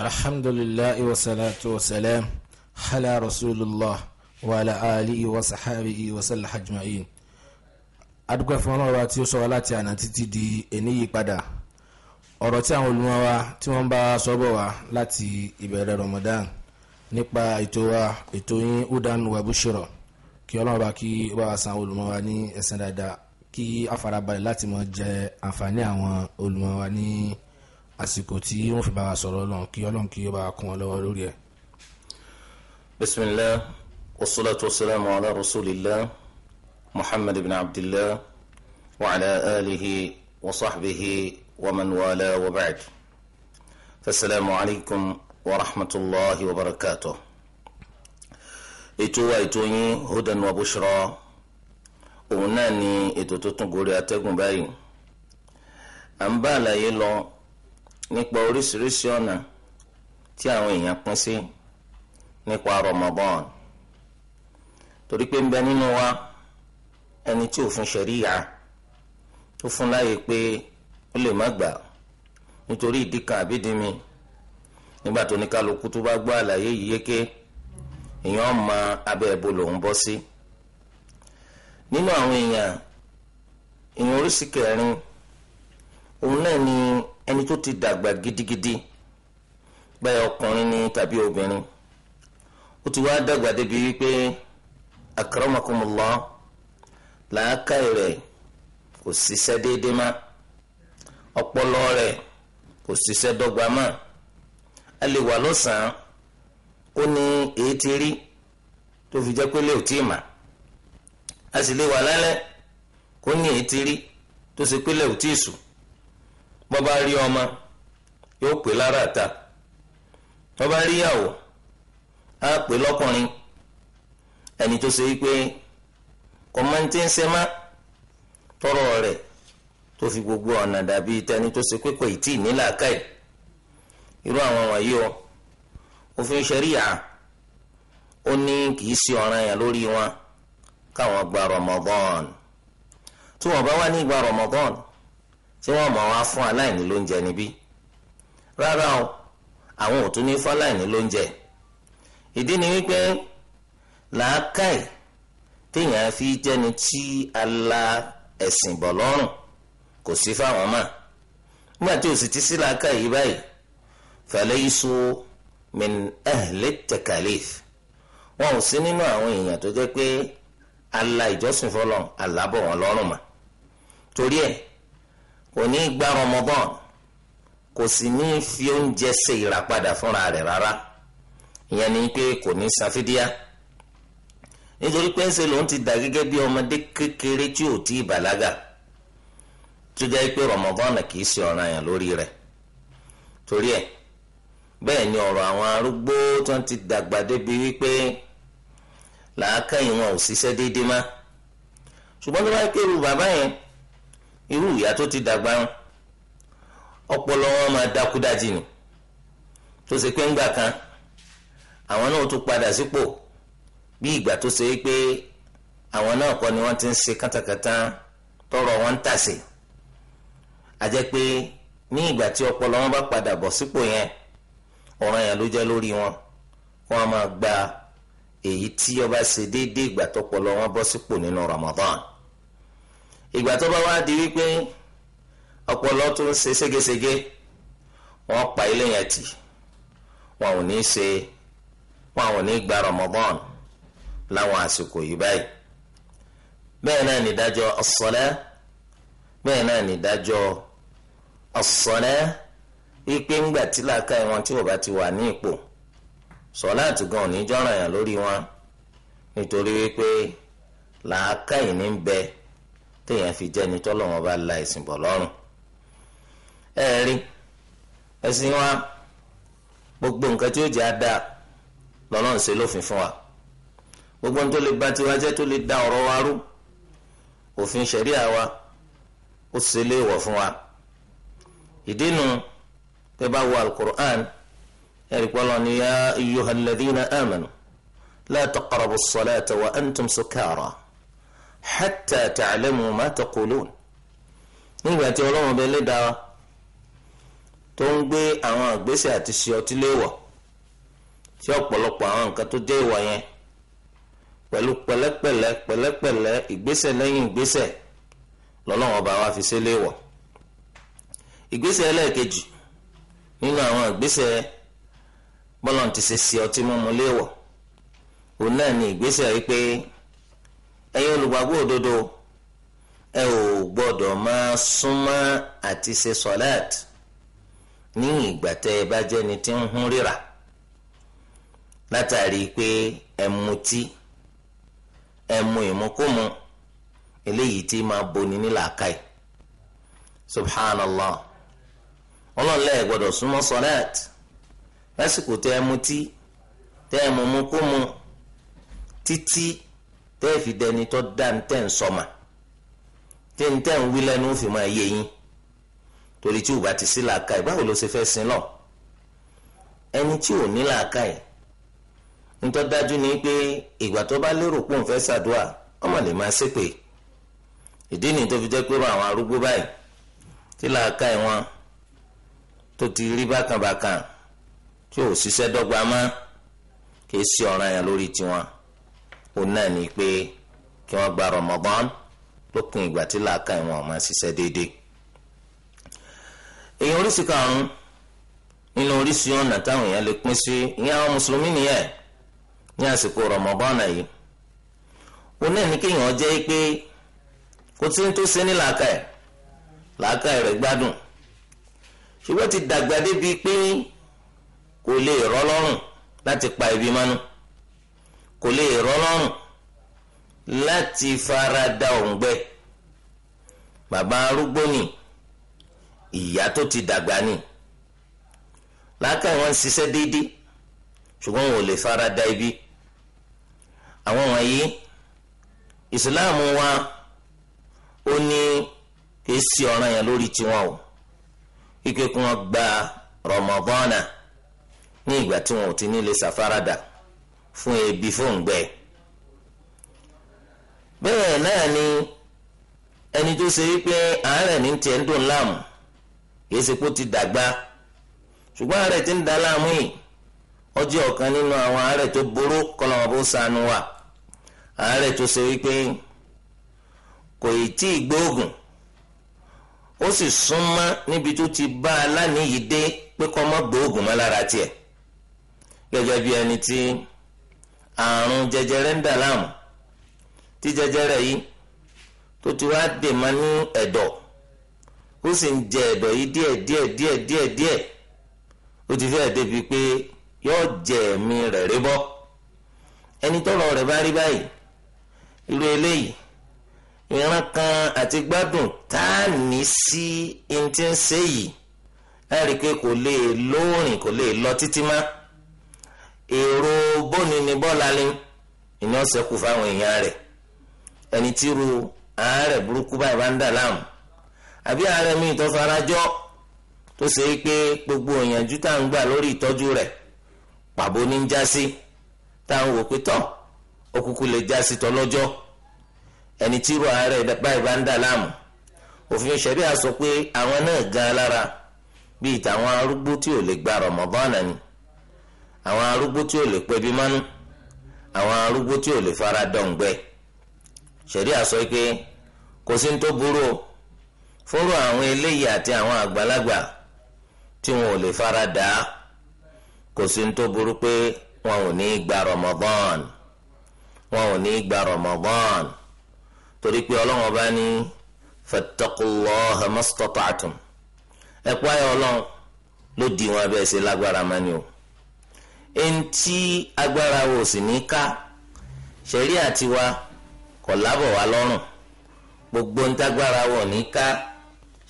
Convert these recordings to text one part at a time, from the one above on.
الحمد لله والصلاة والسلام على رسول الله وعلى آله وصحابه وسلم أجمعين adúgbò fún ọlọ́run tí ó sọ wá láti àná títí di èní yìí padà ọ̀rọ̀ tí àwọn olùmọ̀ wa tí wọ́n bá sọ bọ̀ wá láti ìbẹ̀rẹ̀ Ramadan nípa ètò wa ètò yín udan wa kí ọlọ́run kí ó bá san olùmọ̀ wa ní ẹ̀sìn dáadáa kí afarabalẹ̀ láti mọ̀ jẹ àǹfààní àwọn olùmọ̀ wa ní. Ni àsìkò tí wọ́n fi bá wa sọ̀rọ̀ ọlọ́run kí ọlọ́run kí ó bá wa kún wọn lọ́wọ́ lórí ẹ̀. bisimilah wasalaatu wasalaamu ala rasulillah muhammad ibn abdillah wa ala alihi wa sahbihi wa man wala wa ba'd fasalaamu alaykum wa rahmatulahi wa barakatuh. ètò wa yín hudan wa bushra òun náà ni ètò tuntun gorí atẹ́gùn báyìí à ń bá àlàyé lọ. nípa oríṣiríṣi ọ̀nà tí àwọn èèyàn pín sí nípa Ramadan torí pé ń bẹ nínú wa ẹni tí òfin ṣẹ̀ríyà tó fún láàyè pé ó lè má gbà nítorí ìdí kan àbídí mi nígbà tó ní kálukú tó bá gbọ́ àlàyé yìí yéké èèyàn mọ abẹ́ ẹ̀bọ lòún bọ́ sí nínú àwọn èèyàn èèyàn oríṣi kẹrin òun náà ni ẹni tó ti dàgbà gidigidi báyà ọkùnrin ni tàbí obìnrin ó ti wá dàgbà débi wípé akramakumullah làákàyè rẹ̀ kò ṣiṣẹ́ déédéé má ọpọlọ rẹ̀ kò ṣiṣẹ́ dọ́gba má a lè wà lọ́sàn-án ó ní èyí ti rí tó fi jẹ́ pé lè ò tí ì mà a sì lè wà lálẹ́ kó ní èyí ti rí tó ṣe pé lè ò tí ì sùn. bọ́ bá rí ọmọ yóò pè lára ta bọ́ bá rí ìyàwó á pè lọ́kùnrin ẹni tó ṣe wípé kọ́mọ́ntì ń tọrọ rẹ̀ tó fi gbogbo ọ̀nà dàbí tẹni tó ṣe pé kò ì tí ì ní làákàyè irú àwọn wọ̀nyí o òfin ṣẹ̀ríyà ó ní kì í ṣe ọ̀ràn yẹn lórí wọn káwọn gba Ramadan tí wọn bá wà ní ìgbà tí wọ́n máa wá fún aláìní lóúnjẹ níbí rárá o àwọn ò tún ní fún aláìní lóúnjẹ ìdí ni wípé làákàyè téèyàn fi jẹ́ni tí ala ẹ̀sìn bọ̀ lọ́rùn kò sí fáwọn mọ́ nígbà tí o sì ti sí làákàyè yìí báyìí falaysu min ahli takalif wọn ò sí nínú àwọn èèyàn tó jẹ́ pé ala ìjọsìn fọlọ́n alábọ̀ wọn lọ́rùn mọ́ torí ẹ̀ kò ní gba Ramadan kò sì ní fi oúnjẹ ṣe ìràpadà fúnra rẹ̀ rárá ìyẹn ni pé kò ní ṣàfidíà nítorí pé ń ṣe lòun ti dà gẹ́gẹ́ bí ọmọdé kékeré tí ò tí ì bàlágà tó jẹ́ pé Ramadan kì í ṣe yẹn lórí rẹ̀ torí ẹ̀ bẹ́ẹ̀ ni ọ̀rọ̀ àwọn arúgbó tó ń ti dàgbà débi wípé làákàyìn wọn ò ṣiṣẹ́ déédéé má ṣùgbọ́n tó bá kéwù bàbá yẹn irú ìyá tó ti dàgbà ń ọpọlọ wọn máa dákúdájì ni tó ṣe pé ńgbà kan àwọn náà tún padà sípò bí ìgbà tó ṣe pé àwọn náà kọ́ ni wọ́n ti ń ṣe kátàkátà tọrọ wọn ń tàsé àjẹ́ pé ní ìgbà tí ọpọlọ wọn bá padà bọ̀ sípò yẹn ọ̀ràn yẹn ló jẹ́ lórí wọn wọ́n máa gba èyí tí ó ṣe déédéé ìgbà tọpọlọ wọn bọ́ sípò nínú Ramadan ìgbà tó bá wá di wípé ọpọlọ tó ń ṣe ségesège wọn pa ilé yẹn tì wọn ò ní ṣe wọn ò ní gba Ramadan láwọn àsìkò yìí báyìí bẹ́ẹ̀ náà nìdájọ́ as-salah bẹ́ẹ̀ náà wípé ńgbà tí wọn tí bá ti wà ní ipò òní yàn lórí wọn nítorí wípé làákàyè ní ń bẹ téèyàn fi jẹ́ ẹni tọ́lọ́wọ́n bá la ẹ̀sìn bọ̀ lọ́rùn ẹ rí ẹ̀sìn wa gbogbo nǹkan tí ó jẹ́ àdá lọ́nà ń ṣe lófin fún wa gbogbo tó lè ba tiwa jẹ́ tó lè da ọ̀rọ̀ wa rú òfin ṣẹ̀ríà wa ó ṣe léèwọ̀ fún wa ìdínú tẹ́ bá wo alukur'an ẹ̀rí pọ́lọ́ ni yá ayyuhalladhina amanu la taqrabu as-salata wa antum sukara. hatta ta'lamu ma taqulun nígbà tí ọlọ́run ọba tó ń gbé àwọn àgbésẹ̀ àti ṣe léèwọ̀ tí ọ̀pọ̀lọpọ̀ àwọn nkan tó jẹ́ ìwà pẹ̀lú pẹ̀lẹ́pẹ̀lẹ́ ọba wa fi nínú àwọn ṣe ṣe ọtí ẹ̀yin olùgbàgbọ́ òdodo ẹ ò gbọ́dọ̀ máa súnmọ́ àti ṣe sọ́láàt ní ìgbà tẹ́ ẹ bá jẹ́ni tí ń hún ríra látàrí pé ẹ mutí ẹ mu ìmúkúmu eléyìí tí máa boni ní làákàyè subhanallah ọlọ́lá ẹ gbọ́dọ̀ súnmọ́ sọ́láàt lásìkò tẹ́ ẹ mutí tẹ́ ẹ mu mú títí. tẹ́ẹ̀fì dẹni tó dá ní tẹ́ ń sọmà tí ń tẹ́ ń wí lẹ́nu fi máa yé yín torí tí ò bá ti sí làákàyè báwo ló ṣe fẹ́ sin lọ ẹni tí ò ní làákàyè nítorí dájú ni pé ìgbà tó bá lérò pé òun fẹ́ ṣàdúrà ọmọ lè máa ṣépè ìdí nìyí tó fi jẹ́ pé àwọn arúgbó báyìí tí làákàyè wọn tó ti rí bákànbákàn tí ò ṣiṣẹ́ dọ́gba mọ́ kì í ṣe ọ̀ranyàn lórí tiwọn. òun náà ni pé kí wọ́n gba Ramadan lópin ìgbà tí làákà ìwọ̀n ọ̀ma ṣiṣẹ́ déédéé. èèyàn oríṣi karùn-ún nínú oríṣi ọ̀nà táwọn èèyàn lè pín sí ìyẹn àwọn mùsùlùmí nìyẹn ní àsìkò Ramadan yìí òun náà ni kéèyàn jẹ́ pé kò tí ń tó ṣe ní làákà ẹ̀ làákà rẹ̀ gbádùn ṣùgbọ́n ti dàgbà débi pé kò lè rọ́ lọ́rùn láti pa ibi mánú kò lè rọlọ́rùn láti fara da òǹgbẹ bàbá arúgbó ni ìyá tó ti dàgbà ni lákàá wọn ń ṣiṣẹ́ déédéé ṣùgbọ́n wọn ò lè fara da ibi àwọn wọ̀nyí ìsìláàmù wa ó ní kì í sí ọ̀ràn yẹn lórí tiwọn o kíkẹ́ kí wọ́n gba rọmọbọ́nà ní ìgbà tí wọn ò ti ní ṣàfaradà. fún ebi fóǹgbẹ bẹ́ẹ̀ náà ni ẹni tó ṣe wípé àárẹ̀ ní ń dùn kìí ti dàgbà ṣùgbọ́n àárẹ̀ ti ń da láàmú yìí ọ̀kan nínú àwọn àárẹ̀ tó burú kọlọ́mọ bó sanu wa àárẹ̀ tó ṣe wípé kò ì tí ì gbóògùn ó sì níbi tó ti bá a lánìí yìí dé pé kọ́ mọ́ gbóògùn mọ́ lára tiẹ̀ gẹ́gẹ́ ẹni tí. Ti àrùn jẹjẹrẹ ń dà láàmú tí jẹjẹrẹ yìí tó ti wá dè má ní ẹ̀dọ̀ ó sì ń jẹ ẹ̀dọ̀ yìí díẹ̀ díẹ̀ díẹ̀ díẹ̀ díẹ̀ ó ti fẹ́ẹ̀ débi pé yóò jẹ ẹ̀mí rẹ̀ rí bọ́ ẹni tọrọ rẹ̀ bá rí báyìí irú eléyìí ìran kan àti gbádùn tá a ní sí ẹni tí ń ṣe yìí ẹ rí i pé kò lè lóorìn kò lè lọ títí máa èrò bóni ni bọ́ọ̀lù alẹ́ ìní ọ̀sẹ̀ kù fáwọn èèyàn rẹ̀ ẹni tí ru àárẹ̀ burúkú báyìí bá ń dà láàmú àbí àárẹ̀ míì tó farajọ́ tó ṣe é pé gbogbo òyìnbó tá à ń gbà lórí ìtọ́jú rẹ̀ pàbó ní ń já sí tá à ń wò pé tọ́ òkùnkùn lè já sí tọ́lọ́jọ́ ẹni tí ru àárẹ̀ báyìí bá ń dà láàmú òfin ṣẹ̀ríà sọ pé àwọn náà gan alára bíi tàwọn arúgbó tí ò lè gba rọ̀mọ́bọ́ọ̀nà ni àwọn arúgbó tí ò lè pẹbi mánú àwọn arúgbó tí ò lè fara dọ̀ǹgbẹ ṣẹ̀ríà sọ pé kò sí ní tó burú o fóró àwọn eléyìí àti àwọn àgbàlagbà tí wọn ò lè fara dà á kò sí ní tó burú pé wọn ò ní gba Ramadan wọn ò ní gba Ramadan torí pé ọlọ́wọ́n bá ní fattaqullaha mastata'tum ẹ̀pọ̀ ayọ̀ ọlọ́run ló di wọn abẹ́ ṣe lágbára mani o eŋti agbára wo sì ní ká ṣẹ̀rí àtiwa kò lábọ̀ wá lọ́rùn gbogbo ń tágbára wo ní ká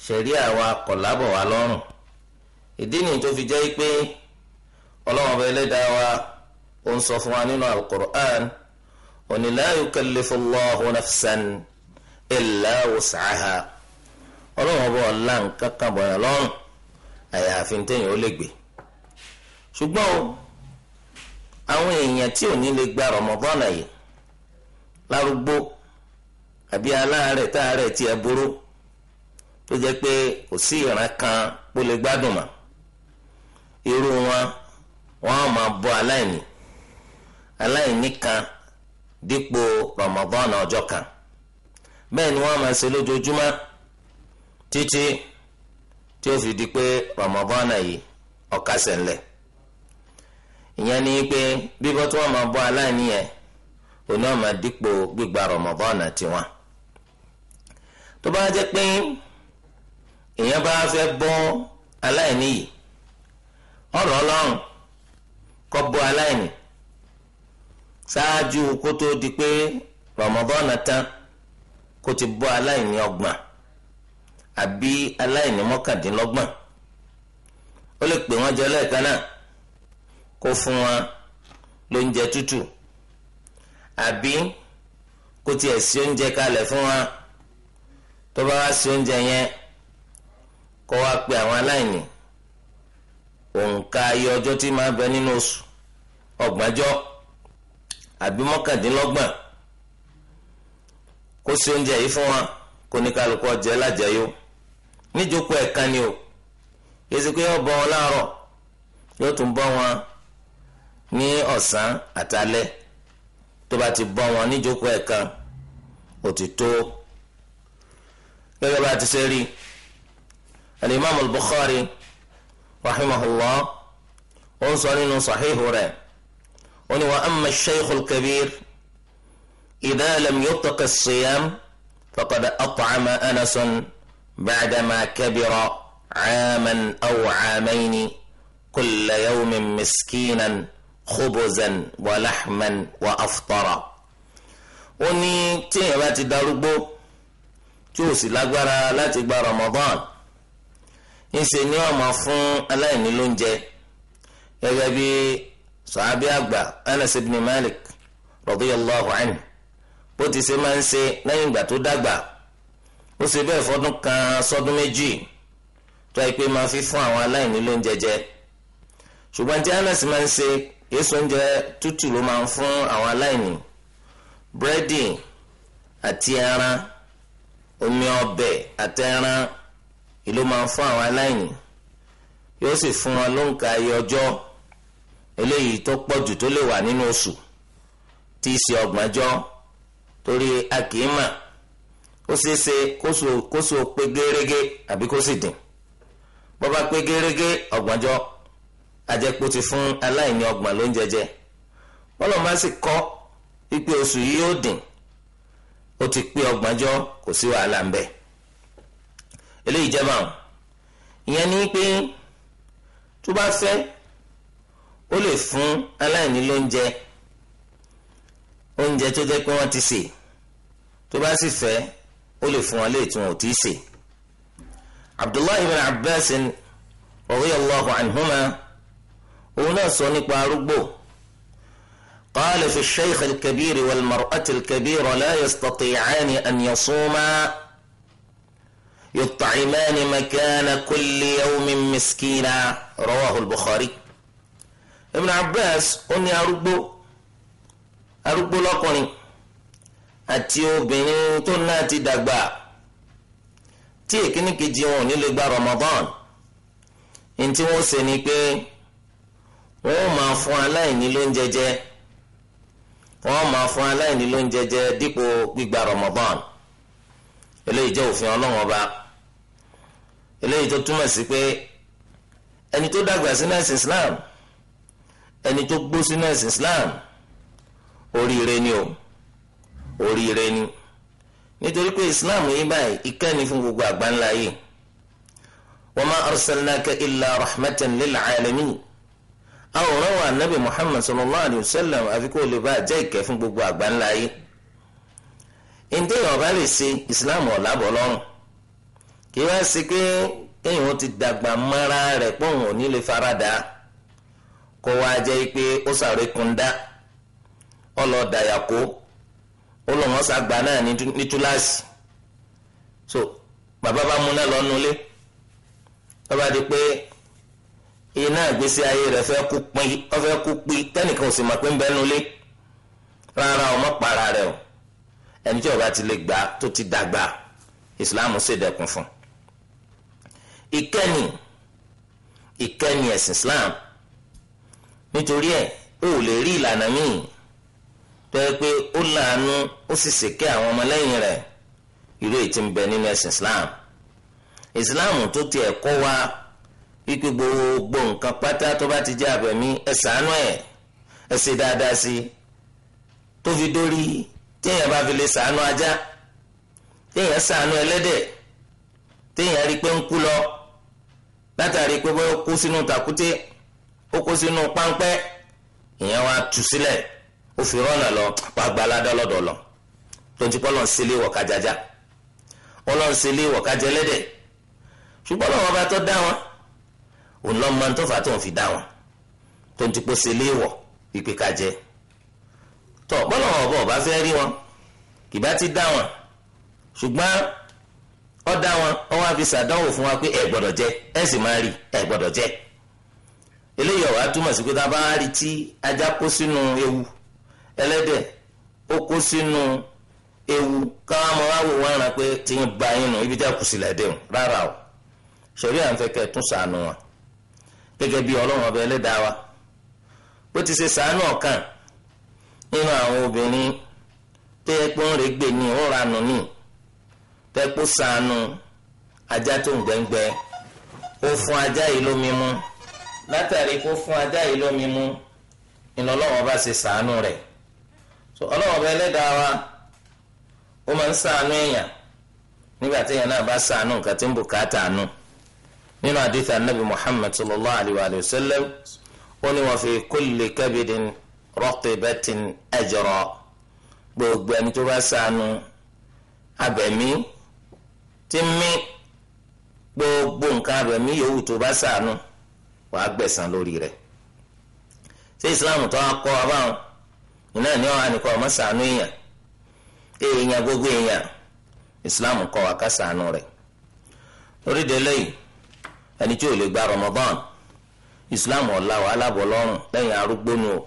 ṣẹ̀rí àwa kò lábọ̀ wá lọ́rùn ìdí nìyí tó fi jẹ́ pé ọlọ́run ọba ẹlẹ́dàá wa ó ń sọ fún wa nínú alukur'an ó ní la yukallifu Allahu nafsan ọlọ́run ọba ọ̀la nǹkan kan bọ̀yàn lọ́rùn àyàfi téèyàn ó lè gbé ṣùgbọ́n o. àwọn èèyàn tí ò ní lè gba rọmọbọ́nà yìí lárúgbó àbí aláàárẹ̀ táàárẹ̀ tí ẹ burú tó jẹ́ pé kò sí ìran kan kó lè gbádùn mọ́ irú wọn wọn á máa aláìní aláìní kan dípò rọmọbọ́nà ọjọ́ kan bẹ́ẹ̀ ni máa ṣe lójoojúmọ́ títí tí ó fi di ìyẹn ni pé bíbọ́ tí wọ́n máa bọ́ aláìní yẹn òní ọ̀ma dípò gbígba rọ̀mọ̀bọ́ọ̀nà tiwọn. tó bá jẹ́ pé èèyàn bá fẹ́ bọ́ aláìní yìí ọ̀rọ̀ ọlọ́run kọ́ bọ́ aláìní ṣáájú kó tó di pé rọ̀mọ̀bọ́ọ̀nà tán kó ti bọ́ aláìní ọgbọ̀n àbí aláìní mọ́kàndínlọ́gbọ̀n kó fún wa lóúnjẹ tútù àbí kó tiẹ̀ sí oúnjẹ kalẹ̀ fún wa tó bá wá sí oúnjẹ yẹn kó wá pe àwọn aláìní òǹkà ayé ọjọ́ tí máa bẹ nínú oṣù ọgbọ̀njọ́ àbí mọ́kàndínlọ́gbọ̀n kó sí oúnjẹ yìí fún wa kó ní kálukú ọjẹ lájẹyó níjókòó ẹ̀ka ni o yẹsẹ pé yóò bọ́ wọn láàárọ̀ yóò tún bọ́ wọn ní ọ̀sán àtàlẹ́ tó bá ti bọ́ wọn níjókòó ẹ̀kan òtítọ́ gẹ́gẹ́ bá ti ṣe rí al-imam al-bukhari rahimahullah ó ń sọ nínú sahihu rẹ̀ ó ní wa amma al-shaykh al-kabir idha lam yutaq siyam faqad at'ama anasun ba'dama kabira caaman aw caamayn kulla miskiinan khubuzan wa lahman wa aftara ó ní tíyẹn bá ti darúgbó tí ò sì lágbára láti gba Ramadan ńṣe ni ó máa fún aláìní lóúnjẹ gẹ́gẹ́ bí sàábí àgbà Anas ibn Malik radiyallahu anhu bó ti ṣe máa ń ṣe lẹ́yìn ìgbà tó dàgbà ó ṣe bẹ́ẹ̀ fọdún kan sọdún méjì tó ẹ pé máa fi fún àwọn aláìní lóúnjẹ jẹ ṣùgbọ́n tí Anas máa ń ṣe èso oúnjẹ tútù ló máa ń fún àwọn aláìní búrẹ́dì àti ẹran omi ọbẹ̀ àti ẹran ìlú máa ń fún àwọn aláìní yóò sì fún wọn ló ń ka iye ọjọ́ eléyìí tó pọ̀ jù tó lè wà nínú oṣù tí í ṣe ọgbọ̀njọ́ torí a kì í mà ó ṣeé ṣe kóso pé gérégé àbí kó sì bá pé gérégé ajẹ́pọ̀ ti fún aláìní ọgbọ̀n ló ń jẹjẹ wọ́n lọ́n bá sì kọ́ pípé oṣù yìí yóò dín ó ti pé ọgbọ̀njọ́ kò sí wàhálà ń bẹ̀ eléyìí jẹ́ báwọn ìyẹn ni pé tó bá fẹ́ ó lè fún aláìní lóúnjẹ oúnjẹ tó jẹ́ pé wọ́n ti sè tó bá sì fẹ́ ó lè fún wọn lè tún ò tí ì sè abdullahi ibn abbas radiyallahu anhuma òun náà sọ nípa arúgbó قال في الشيخ الكبير والمرأة الكبيرة لا يستطيعان أن يصوما يطعمان مكان كل يوم مسكينا رواه البخاري Ibn Abbas ó ní arúgbó arúgbó lọ́kùnrin àti obìnrin tó náà ti dàgbà tí èkíní kejì wọn ò ní lè gba Ramadan ní tí wọ́n ṣe ni pé wọn ó máa fún aláìní lóúnjẹ jẹ wọn ó máa fún aláìní lóúnjẹ jẹ dípò gbígba Ramadan eléyìí jẹ́ òfin Ọlọ́run ọba eléyìí tó túmọ̀ sí pé ẹni tó dàgbà sínú ẹ̀sìn Islam ẹni tó gbó sínú ẹ̀sìn Islam oríire ni o oríire ni nítorí pé Islam yìí báyìí ìkànnì fún gbogbo àgbáńlá yìí wa ma arsalnaka illa rahmatan lil alamin àwòrán wa anabi muhammad sallallahu alayhi wa sallam àfi kó lè bá jẹ́ ìkẹ́ fún gbogbo àgbáńlá ayé ǹdẹ́ yìí ọba lè ṣe islam ọ̀làbọ̀ lọ́rùn kí wọ́n ṣe pé kéèyàn ti dàgbà mọ́ra rẹ̀ pọ̀hùn ò ní lè farada kó wá jẹ́ pé ó sàré kunda ọlọ́dàyàkó ó sàgbà náà ní túláàsì so bàbá bá múná lọ́nulé bàbá di pé iná ìgbésí ayé rẹ̀ fẹ́ kú pín ọfẹ́ kú pín tẹ́nìkan ò sì mọ̀ pé ń bẹ́nu lé rárá ọmọ para rẹ̀ o ẹni tí ó ti lè gbà tó ti dàgbà ìsìláàmù ṣèdẹ̀kùn fún ìkẹ́ni ìkẹ́ni ẹ̀sìn islam nítorí ẹ̀ ó lè rí ìlànà míì tó yẹ pé ó láàánú ó sì ṣèkẹ́ àwọn ọmọlẹ́yìn rẹ̀ irú èyí ń bẹ nínú ẹ̀sìn islam islam tó tiẹ̀ kọ́ wa wípé gbogbo nǹkan pátá tó bá ti jẹ́ abẹ̀mí ẹ ṣàánú ẹ̀ ẹ ṣe dáadáa sí i tó fi dórí téèyàn bá fi lè ṣàánú ajá téèyàn ṣàánú ẹlẹ́dẹ̀ téèyàn rí i pé ń kú lọ látàrí pé bó kú sínú tàkúté ó kú sínú páńpẹ́ ìyẹn wá tú sílẹ̀ ó fi rọ́nà lọ wá gba aládá tó ti pọ́ lọ́n sílé wọ̀ká jájá ọlọ́n sílé wọ̀ká jẹlẹ́dẹ̀ ṣùgbọ́n lọ́wọ́ bá tó dá wọn òun lọ́ máa ń tó fà á tó ń fi dá wọn tó ń ti pọ́ ṣe léèwọ̀ ìpè ká jẹ tọ́ bọ́lá wọn ọba ọba fẹ́ rí wọn kì bá ti dá wọn ṣùgbọ́n ó dá wọn ó wá fi ṣàdánwò fún wa pé ẹ gbọ́dọ̀ jẹ ẹ sì máa rí ẹ gbọ́dọ̀ jẹ eléyìí ọ̀wá túmọ̀ sí pé tá a bá rí tí ajá kó sínú ewu ẹlẹ́dẹ̀ ó kó sínú ewu káwọn ọmọ wa wò wọn ràn pé tí ń ba yín nù ibi tí a kù sílẹ̀ dé rárá o ṣẹ̀rí à ń fẹ́ kẹ́ tún sànù wọn. gẹ́gẹ́ bí ọlọ́run ọba ẹlẹ́dàá wa bó ti ṣe sàánú ọ̀kan nínú àwọn obìnrin tó yẹ pé ń rè gbè ní ọ̀ranù ní tẹ́pọ̀ sàánú ajá tó ń gbẹ́ngbẹ́ ó fún ajá yìí lómi mú látàrí kó fún ajá yìí lómi mú ọlọ́run ọba ṣe sàánú rẹ̀ ọlọ́run ọba ẹlẹ́dàá wa ó máa ń sàánú èèyàn nígbà náà bá sàánú nǹkan tí ń nínú àdìsí anabi muhammad sallallahu alayhi wa sallam ó ní wa fi kulli kabidin ratibatin ajra gbogbo ẹni tó bá ṣàánú abẹ̀mí tí mí gbogbo nǹkan abẹ̀mí yòówù tó bá ṣàánú wàá gbẹ̀san lórí rẹ̀ ṣé islam tó wá kọ́ abáwọn iná ní ọ̀hán nìkan ọmọ ṣàánú èèyàn èèyàn gbogbo èèyàn islam kọ́ wa ká ṣàánú rẹ̀ lórí délé ẹni tí ò lè gba Ramadan Islam ọ̀la wà alábọ̀ lẹ́yìn arúgbónú o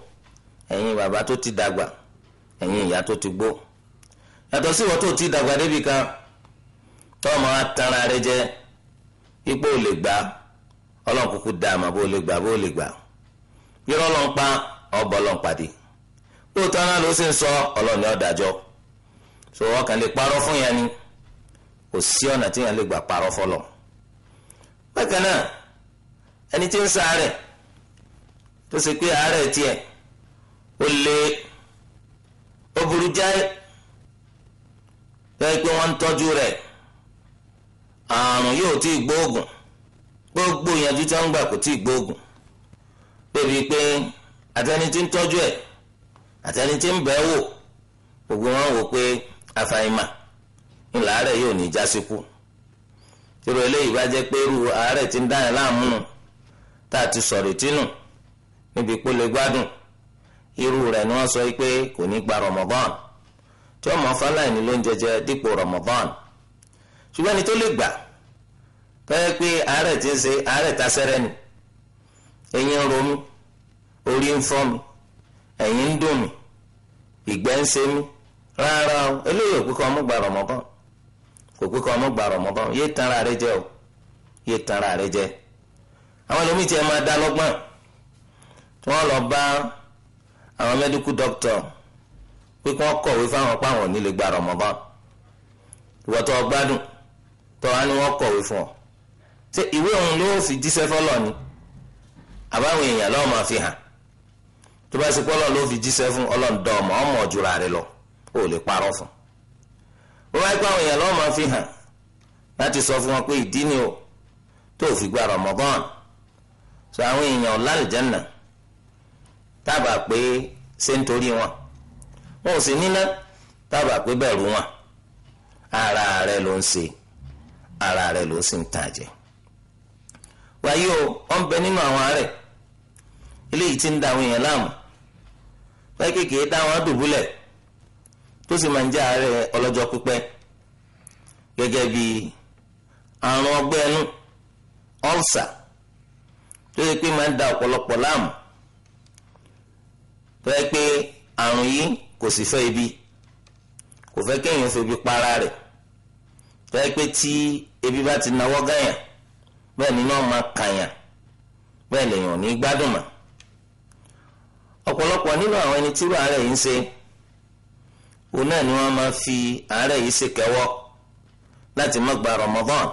ẹ̀yin bàbá tó ti dàgbà ẹ̀yin ìyá tó ti gbó yàtọ̀ sí ìwọ tó ti dàgbà débi kan tọ́mọ atara rẹ jẹ ipò yọrọ bó tọ́lá ló ń sọ ọlọ́run ní ọ̀dàjọ́ so ni kò sí ọ̀nà tí yẹn lè gbà parọ́ bákan náà ẹni tí ń ṣàárẹ̀ tó ṣe pé àárẹ̀ tiẹ̀ ó lé ó burú jáì fẹ́ pé wọ́n ń tọ́jú rẹ̀ àrùn yóò tí ì gbóògùn gbogbo ìyànjú tí wọ́n ń gbà kò tí ì gbóògùn bébí pé àtẹni tí ń tọ́jú ẹ̀ àtẹni tí ń bẹ́ẹ̀ wò gbogbo wọn wò pé àfàìmà ńlá rẹ̀ yóò ní já síkú. tírò eléyìí bá jẹ́ pé irú ti ń dáyàn láàmú nù tá a ti sọ̀rọ̀ tínú níbi pé lè gbádùn irú rẹ̀ ni wọ́n sọ pé kò ní gba Ramadan tí ọmọ fáláìní ló ń jẹjẹ dípò Ramadan ṣùgbọ́n tó lè gbà pé ti ń ṣe àárẹ̀ ni ń orí ń fọ́ mi ẹ̀yìn ń dùn gba kò pé kọ́ ọmọ gba Ramadan yé tanra rẹ jẹ o yé tanra rẹ jẹ àwọn ẹlòmíì tiẹ̀ máa dá lọ́gbọ́n tí wọ́n lọ bá àwọn mẹ́díkù dọ́kítọ̀ pé kí wọ́n kọ̀wé fáwọn páwọn onílé gba Ramadan ìwọ tó gbádùn tó wá ní wọ́n kọ̀wé fún ọ ṣé ìwé òun ló fi jíṣẹ́ fọlọ́ ni àbáwọn èèyàn lọ́wọ́ máa fi hàn tó bá ṣe pé ọlọ́run ló fi jíṣẹ́ fún ọlọ́run dán ọmọ ọmọ ọ̀jùra rẹ lọ ó lè parọ́ fún un. wọ́n wáyé pé àwọn èèyàn lọ́wọ́ máa fi hàn láti sọ fún wọn pé ìdí ni o tó fi gba Ramadan sọ àwọn èèyàn lálùjẹ́nà tábà pé ṣé wọn wọn ò sì níná tábà pé bẹ̀rù wọn ara rẹ ló ń ṣe ara rẹ ló sì ń tàjẹ́ wáyé o bẹ nínú àwọn àárẹ̀ eléyìí ti ń da àwọn èèyàn láàmú pé kékeré dá wọn dùbúlẹ̀ tó sì máa ń jẹ́ àárẹ̀ ọlọ́jọ́ pípẹ́ gẹ́gẹ́ bí àrùn ọgbẹ́ ẹnu ulcer tó yẹ pé máa ń da ọ̀pọ̀lọpọ̀ láàmú tó yẹ pé àrùn yìí kò sì fẹ́ ebi kò fẹ́ kéèyàn febi para rẹ̀ tó pé tí ti nawọ́ bẹ́ẹ̀ ni náà máa kàyàn bẹ́ẹ̀ lèèyàn ní gbádùn mọ́ nínú àwọn ẹni tí wàá rẹ̀ yìí òun náà ni wọ́n máa fi àárẹ̀ yìí ṣèkẹ́wọ́ láti má gba Ramadan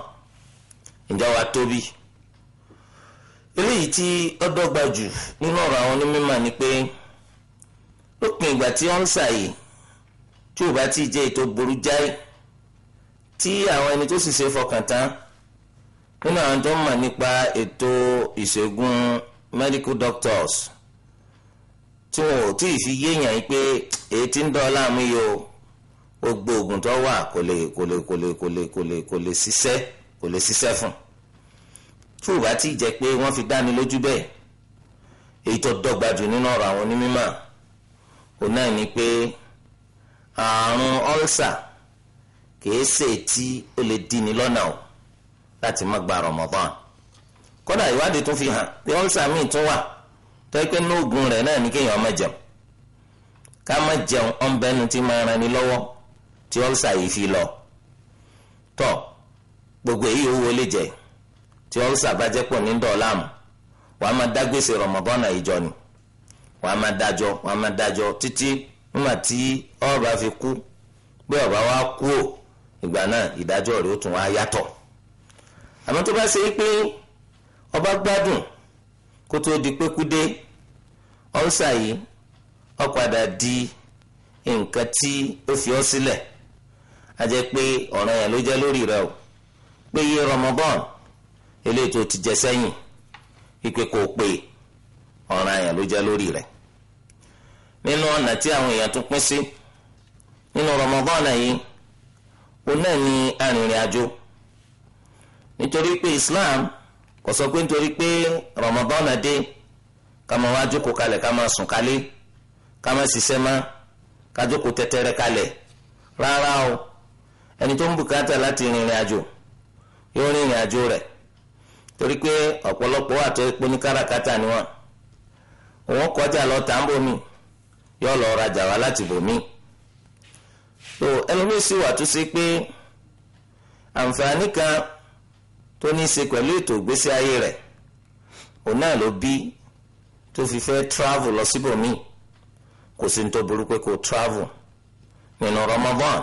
ǹjẹ́ wàá tóbi eléyìí tí ó dọ́gba jù nínú ọ̀rọ̀ àwọn onímọ̀ ni pé lópin ìgbà tí wọ́n ń ṣàyè tí ò bá ti jẹ́ ètò burú jáì tí àwọn ẹni tó sì ṣe fọkàn tán nínú àwọn tó ń mọ̀ nípa ètò ìṣègùn medical doctors tí wọn ò tí ì fi yéèyàn yìí pé èyí tí ń dọ́ọ̀lá mi yìí o gbogbo oògùn tó wà kò lè kò lè kò lè kò lè kò lè kò lè ṣiṣẹ́ kò lè ṣiṣẹ́ fún tí ò tí ì jẹ́ pé wọ́n fi dáni lójú bẹ́ẹ̀ èyí tó dọ́gba jù nínú ọ̀rọ̀ àwọn onímọ̀ ò náà ni pé ààrùn ọ́lsà kìí ṣe tí ó lè dini lọ́nà o láti má gba Ramadan kódà ìwádìí tún fi hàn pé ọ́lsà míì tún wà tọ́pẹ́ ikpe rẹ̀ náà ní kéèyàn má jẹun ká má jẹun ọ̀nbẹ́nu tí máa ran ni lọ́wọ́ tí ọ́lsà yìí fi lọ tọ́ gbogbo èyí owó lè jẹ tí ọ́lsà bá jẹ́ pọ̀ ní dọ̀ọ́láàmù wàá máa dá gbèsè ìjọ ni wàá máa dájọ́ wàá máa dájọ́ títí nígbà tí fi kú wa kú ò ìgbà náà ìdájọ́ rẹ̀ ó tún wá yàtọ̀ ọba gbádùn kó di pékúdé ọ̀sà yìí ó padà di nǹkan tí ó fi a jẹ́ pé ọ̀ràn yẹn ló jẹ́ lórí rẹ o pé iye Ramadan eléyìí tó ti jẹ sẹ́yìn wípé kò pé ọ̀ràn yẹn ló jẹ́ lórí rẹ nínú ọ̀nà tí àwọn èèyàn tún pín sí nínú Ramadan yìí náà ni arìnrìn àjò nítorí pé Islam. kò sọ pé nítorí pé Ramadan dé ká máa wá jókòó kalẹ̀ ká máa sùn kalẹ̀ ká máa ṣiṣẹ́ má ká jókòó tẹ́tẹ́rẹ́ rárá o ẹni tó ń bùkátà láti rìnrìn àjò yóò rìnrìn àjò rẹ̀ torí pé ọ̀pọ̀lọpọ̀ wà tó ní káràkátà ni wọ́n òun kọjá lọ tà ń bomi yóò lọ rajà wá láti bomi tó ẹlòmíì sì wà tó ṣe pé àǹfààní kan tó ní í ṣe pẹ̀lú ètò ìgbésí ayé rẹ̀ òun náà ló bí tó fi fẹ́ travel lọ síbòmíì kò sí tó burú pé kó travel nínú Ramadan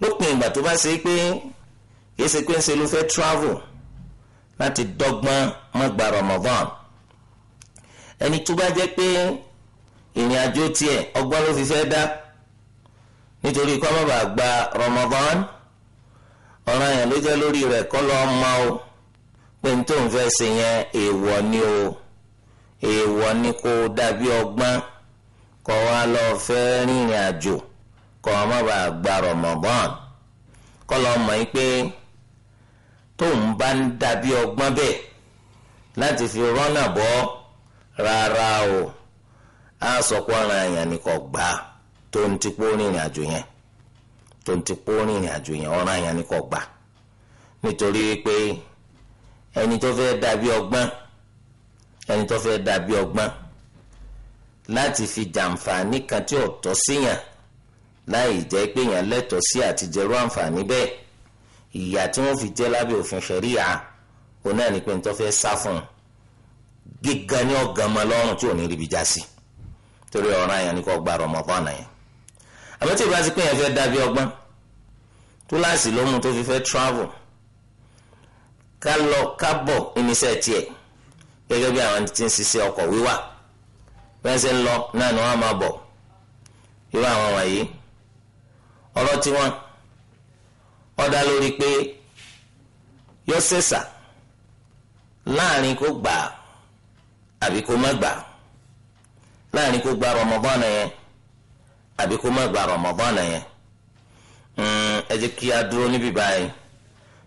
lópin ìgbà tó bá ṣe pé kìí ṣe pé ń ṣe ló fẹ́ travel láti dọ́gbọ́n má gba Ramadan ẹni tó bá jẹ́ pé ìrìn àjò tiẹ̀ ọgbọ́n ló fi fẹ́ dá nítorí kó má bàa gba Ramadan. ọ̀ràn yẹn ló jẹ́ lórí rẹ̀ kọ́ lọ́ọ́ mọ́ o pé n tó ń fẹ́ ṣe yẹn èèwọ̀ ni o èèwọ̀ ni kó dàbí ọgbọ́n kọ́ wa lọ́ọ́ fẹ́ rìnrìn àjò kọ́ ọ má bàa gba Ramadan kọ́ lọ́ọ́ mọ̀ yín pé bá ń dàbí ọgbọ́n bẹ́ẹ̀ láti fi rọ́nà bọ́ rárá o á sọ pé yẹn ni kò gbà tó ń tó ń ti pọ́ rìnrìn àjò yẹn ọ̀ràn yẹn ni kò gbà nítorí wípé ẹni tó fẹ́ dàbí ọgbọ́n ẹni tó fẹ́ dàbí ọgbọ́n láti fi jàǹfààní kan tí ò tọ́ síyàn láì jẹ́ pé yẹn lẹ́tọ̀ọ́ sí àti àǹfààní bẹ́ẹ̀ ìyà tí wọ́n fi jẹ́ lábẹ́ òfin ṣẹ̀ríyà òun náà ni pé nítorí fẹ́ sá fún un gíga ní ọ̀gànmọ́ lọ́rùn tí ò ní ríbi já sí torí ọ̀ràn yẹn ni kò gba Ramadan yẹn àmọ́ tí ìbá ti pín yẹn fẹ́ dàbí ọgbọ́n túláàsì ló mú tó fi fẹ́ travel ká lọ ká bọ̀ irinṣẹ́ tiẹ̀ gẹ́gẹ́ bí àwọn tí ń ṣiṣẹ́ ọkọ̀ wíwà bẹ́ẹ̀ ṣe ń lọ náà ni wọ́n á máa bọ̀ irú àwọn wọ̀nyí ọ̀rọ̀ tiwọn ó dá lórí pé yọ sẹ̀sà láàrin kó gbà àbí kó má gbà láàrin kó gbà Ramadan yẹn àbí kó má gba Ramadan yẹn hmm, ẹ jẹ́ kí a dúró níbí báyìí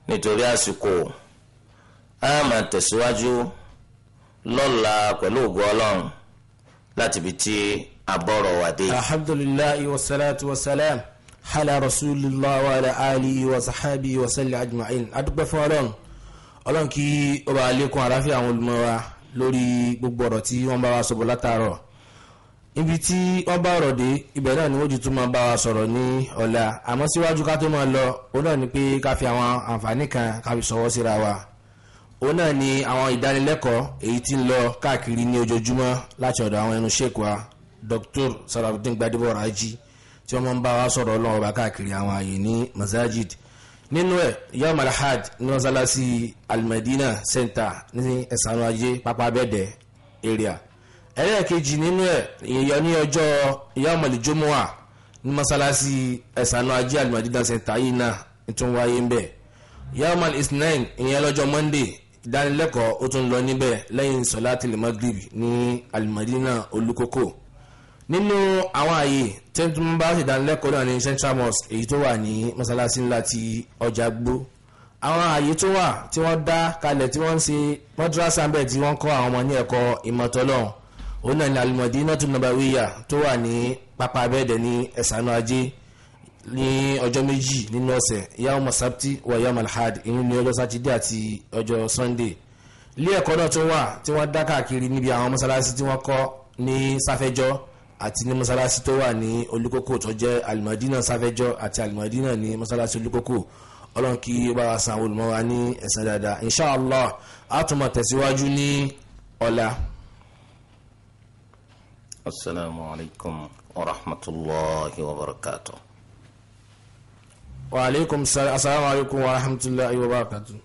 nítorí àsìkò a máa tẹ̀síwájú lọ́la pẹ̀lú ògo ọlọ́run láti ibi tí a bọ̀rọ̀ wà dé. alhamdulilayi wasalaatu wasalaam hala rasulillah wa ala alihi wa sahabi wa salli ajma'in adúgbò fún ọlọ́run ọlọ́run kí ó bá lékún àlàáfíà àwọn olùmọ̀ wa lórí gbogbo ọ̀rọ̀ tí wọ́n bá wa sọ̀bọ̀ látàárọ̀ ibi tí wọ́n bá ọ̀rọ̀ dé ibẹ̀ náà ni wọ́n ju tún máa bá wa sọ̀rọ̀ ní ọ̀la àmọ́ síwájú ká tó máa lọ òun náà ni pé ká fi àwọn àǹfààní kan ká fi sọwọ́ síra wa òun náà ni àwọn ìdánilẹ́kọ̀ọ́ èyí tí ń lọ káàkiri ní ojoojúmọ́ láti ọ̀dọ̀ àwọn ẹnu ṣèkù wa Dr. Sarafudin Gbadebo Raji tí wọ́n máa ń bá wa sọ̀rọ̀ ọlọ́run ọba káàkiri àwọn àyè ní masajid nínú ẹ̀ yom alhaj ní mọ́sálásí Al-Madina Center ní ẹ̀sán ajé pápá bẹ́ẹ̀dẹ̀ area ẹlẹ́ẹ̀kejì nínú ẹ̀ ìyọ ní ọjọ́ yawmal jumu'a ní mọ́sálásí ẹ̀sánú ajé àlùmọ̀dídà sẹ́ńtà yìí náà tún wáyé ń bẹ̀ yawmal isnain ìyẹn lọ́jọ́ monday ìdánilẹ́kọ̀ọ́ ó tún lọ níbẹ̀ lẹ́yìn sọ̀láàtì magrib ní àlùmọ̀dínà olùkókò nínú àwọn àyè tí wọ́n tún bá ṣèdánilẹ́kọ̀ọ́ náà ní central mosque èyí tó wà ní mọ́sálásí ńlá ti ọjà gbó àwọn ààyè tó wà tí wọ́n dá kalẹ̀ tí wọ́n ń ṣe mọ́dúrásà ń tí wọ́n kọ́ àwọn ọmọ ní ẹ̀kọ́ ìmọ̀tọ́lọ́hún òun náà ni al-Madinatu Nabawiyya tó wà ni pápá abẹ́ẹ̀dẹ̀ ní ẹ̀sánú ajé ní ọjọ́ méjì nínú ọ̀sẹ̀ yawma sabti wa yawma al-had ìyún ní ọjọ́ sátidé àti sunday ilé ẹ̀kọ́ náà tó wà tí wọ́n dá káàkiri níbi àwọn mọ́sálásí tí wọ́n kọ́ ní sáfẹ́jọ́ àti ní mọ́sálásí tó wà ní olúkókò tó jẹ́ al-Madina sáfẹ́jọ́ àti al-Madina ní mọ́sálásí olúkókò ọlọ́run kí ó bá wa ní ẹ̀san dáadáa inshallah a tẹ̀síwájú ní ọ̀la. السلام عليكم ورحمة الله وبركاته وعليكم السلام عليكم ورحمة الله وبركاته